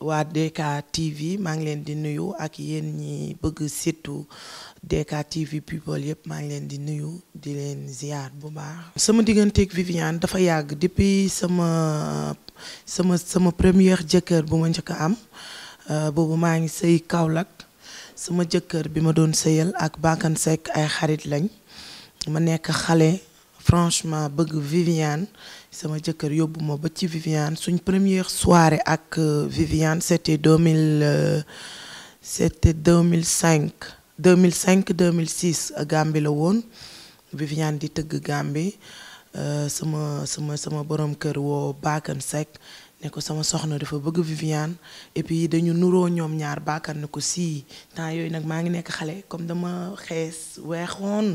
waa DK TV maa ngi leen di nuyu ak yéen ñi bëgg surtout DK TV people yëpp maa ngi leen di nuyu di leen ziar bu baax. sama digganteeg Viviane dafa yàgg depuis sama sama sama première jëkkër bu ma njëkk a am euh, boobu maa ngi sëy Kaolack sama jëkkër bi ma doon sëyal ak Bakane Seck ay xarit lañ ma nekk xale. franchement bëgg Viviane sama jëkkër yóbbu ma ba ci Viviane suñ première soirée ak euh, Viviane c'était deux mille euh, c'était deux mille cinq deux mille cinq deux mille six euh, Gambie la woon Viviane di tëgg Gambie sama sama sama borom kër woo Bakane ne ko sama soxna dafa bëgg vivian et puis dañu nuroo ñoom ñaar baakar ne ko sii temps yooyu nag maa ngi nekk xale comme dama xees weexoon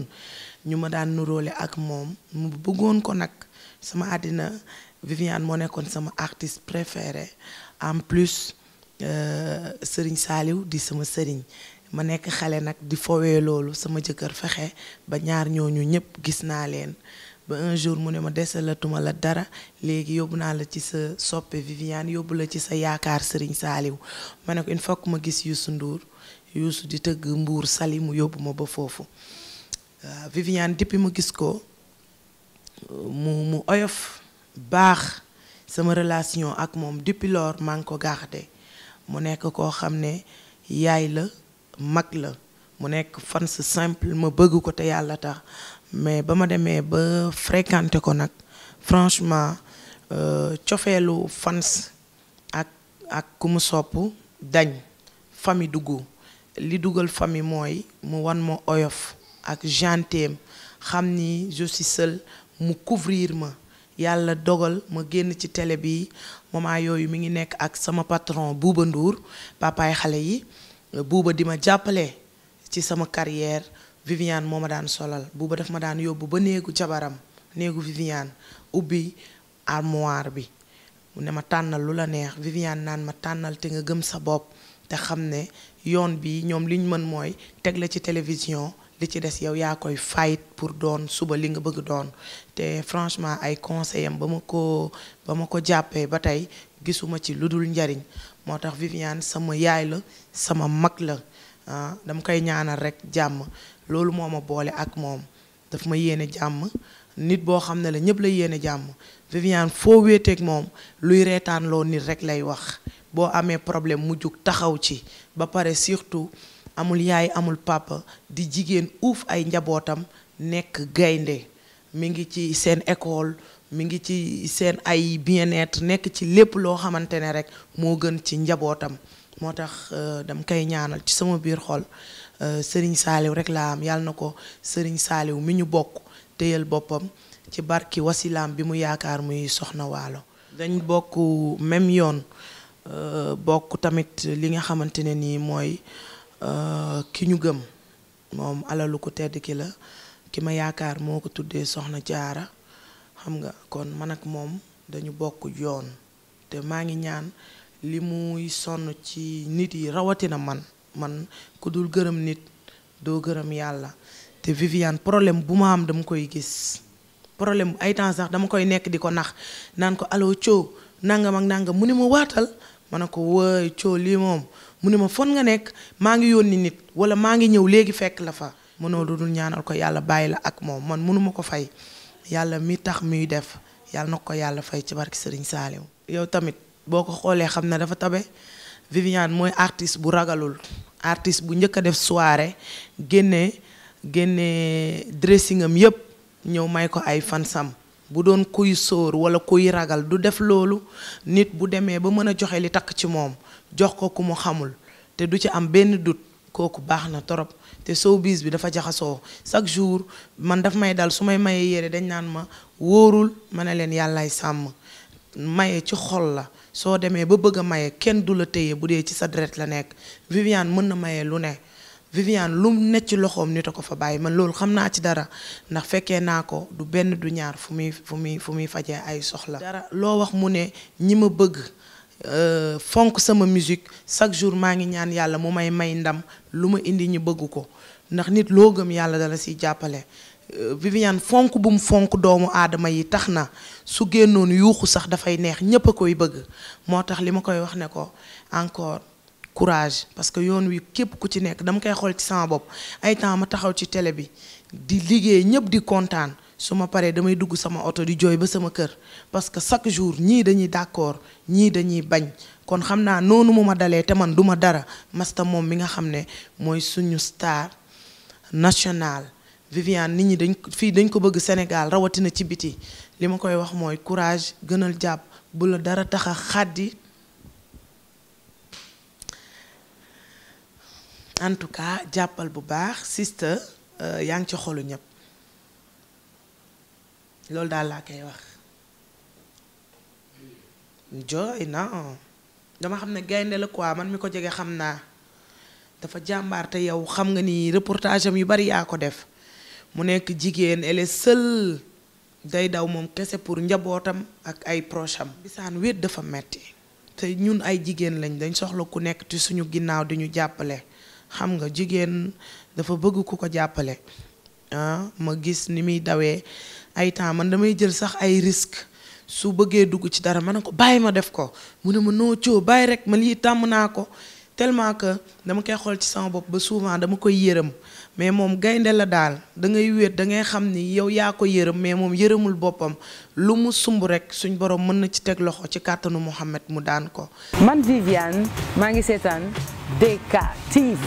ñu ma daan nuróole ak moom mu bëggoon ko nag sama àddina vivian moo nekkoon sama artiste préféré en plus euh, sëriñ Saaliw di sama sëriñ ma nekk xale nag di fowee loolu sama jëkkër fexe ba ñaar ñooñu ñëpp gis naa leen ba un jour mu ne ma desalatuma la dara léegi yóbbu naa la ci sa soppe Viviane yóbbu la ci sa yaakaar Serigne Saliou ma ne ko il faut que ma gis Youssou Ndour Youssou di tëgg mbuur sali mu yóbbu ma ba foofu waaw euh, Viviane depuis ma gis ko mu mu oyof baax sama relation ak moom depuis lors maa ngi ko gardé mu nekk koo xam ne yaay la mag la. mu nekk fan si simple ma bëgg ko te yàlla tax mais ba ma demee ba fréquenté ko nag franchement euh, cofeelu fans ak ak ku mu sopp dañ famille duggu li dugal famille mooy mu wan ma oyof ak genteem xam ni je mu couvrir ma yàlla dogal ma génn ci télé bi moment yooyu mi ngi nekk ak sama patron Bouba nduur papaay xale yi buuba di ma jàppale ci sama carrière Viviane moo ma daan solal buuba daf ma daan yóbbu ba néegu jabaram néegu Viviane ubbi armoire bi mu ne ma tànnal lu la neex Viviane naan ma tànnal te nga gëm sa bopp te xam ne yoon bi ñoom liñ mën mooy teg la ci télévision li ci des yow yaa koy fight pour doon suba li nga bëgg doon te franchement ay conseil ba ma ko ba ma ko jàppee ba tey gisuma ci lu dul njariñ moo tax Viviane sama yaay la sama mag la ah dama koy ñaanal rek jàmm loolu moo ma boole ak moom daf ma yéene jàmm nit boo xam ne la ñëpp la yéene jàmm Viviane foo wéeteeg moom luy reetaan loo nit rek lay wax boo amee problème mu jug taxaw ci ba pare surtout amul yaay amul papa di jigéen uuf ay njabootam nekk gaynde mi ngi ci seen école mu ngi ci seen ay bien nekk ci lépp loo xamante ne rek moo gën ci njabootam moo tax euh, dam kay ñaanal ci sama biir xol euh, Serigne Saliou rek laa am yàlla na ko sëriñ saaliw mi ñu bokk téyal boppam ci barki wasilaam bi mu yaakaar muy soxna waalo dañ bokk même yoon euh, bokk tamit li nga xamante ne nii mooy ki ñu gëm moom alalu ko tedd ki la ki ma yaakaar moo ko tuddee soxna jaara xam nga kon man ak moom dañu bokk yoon te maa ngi ñaan li muy sonn ci nit yi rawatina man man ku dul gërëm nit doo gërëm yàlla te Viviane problème bu ma am dama koy gis problème ay temps sax dama koy nekk di ko nax naan ko allo Thio nangam ak nangam mu ne ma waatal ma ne ko wooy Thio lii moom mu ne ma fon nga nekk maa ngi yónni nit wala maa ngi ñëw léegi fekk la fa mënoo lu dul ñaanal ko yàlla bàyyi la ak moom man mënuma ko fay yàlla mi tax muy def yàlla na ko yàlla fay ci barki sëriñ Saliou yow boo ko xoolee xam na dafa tabe Viviane mooy artiste bu ragalul artiste bu njëkk a def soire génne génne dressing am yëpp ñëw may ko ay fansam bu doon kuy soor wala kuy ragal du def loolu nit bu demee ba mën a joxe li takk ci moom jox ko ku mu xamul te du ci am benn dut kooku baax na torop te soo showbiz bi dafa jaxasoo chaque jour man daf may dal su may mayee yére dañ naan ma wóorul ma ne leen yàllaay sàmm maye ci xol la soo demee ba bëgg a maye kenn du la téye bu dee ci sa deret la nekk Viviane mën na mayee lu ne Viviane lu ne ci loxoom nit a ko fa bàyyi man loolu xam naa ci dara ndax fekkee naa ko du benn du ñaar fu muy fu muy fu muy fajee ay soxla. dara loo wax mu ne ñi ma bëgg. Euh, fonk sama musique chaque jour maa ngi ñaan yàlla mu may may ndam lu ma indi ñu bëgg ko ndax nit loo gëm yàlla dala siy jàppale Euh, Viviane fonk bu mu fonk doomu aadama yi tax na su génnoon yuuxu sax dafay neex ñépp a koy bëgg moo tax li ma koy wax ne ko encore courage parce que yoon wi képp ku ci nekk dama koy xool ci sama bopp ay temps ma taxaw ci télé bi di liggéey ñépp di kontaan su ma paree damay dugg sama oto di jooy ba sama kër parce que chaque jour ñii dañuy d'accord ñii dañuy bañ kon xam naa noonu mu ma dalee te man duma dara masta moom mi nga xam ne mooy suñu star national Viviane nit ñi dañ fii dañ ko bëgg senegal rawatina ci biti li ma koy wax mooy courage gënal jàpp bu la dara tax a xàddi en tout cas jàppal bu baax sista euh, yaa ngi ci xolu ñëpp loolu daal laa koy wax jooy non dama xam ne gaynde la quoi man mi ko jege xam naa dafa jàmbaar te yow xam nga ni reportage yu bari yaa ko def mu nekk jigéen elle est seule day daw moom kese pour njabootam ak ay proche am bisaan wéet dafa metti te ñun ay jigéen lañ dañ soxla ku nekk ci suñu ginnaaw di ñu jàppale xam nga jigéen dafa bëgg ku ko jàppale ah, ma gis ni muy dawee ay temps man damay jël sax ay risque su bëggee dugg ci dara ma ne ko bàyyi ma def ko mu ne ma noo coo bàyyi rek ma lii tàmm naa ko tellement que dama koy xool ci sama bopp ba souvent dama koy yërëm mais moom gaynde la daal da ngay wéet da ngay xam ni yow yaa ko yërëm mais moom yërëmul boppam lu mu sumb rek suñ borom mën na ci teg loxo ci kàttanu Mouhamed mu daan ko. man Viviane maa ngi seetaan DK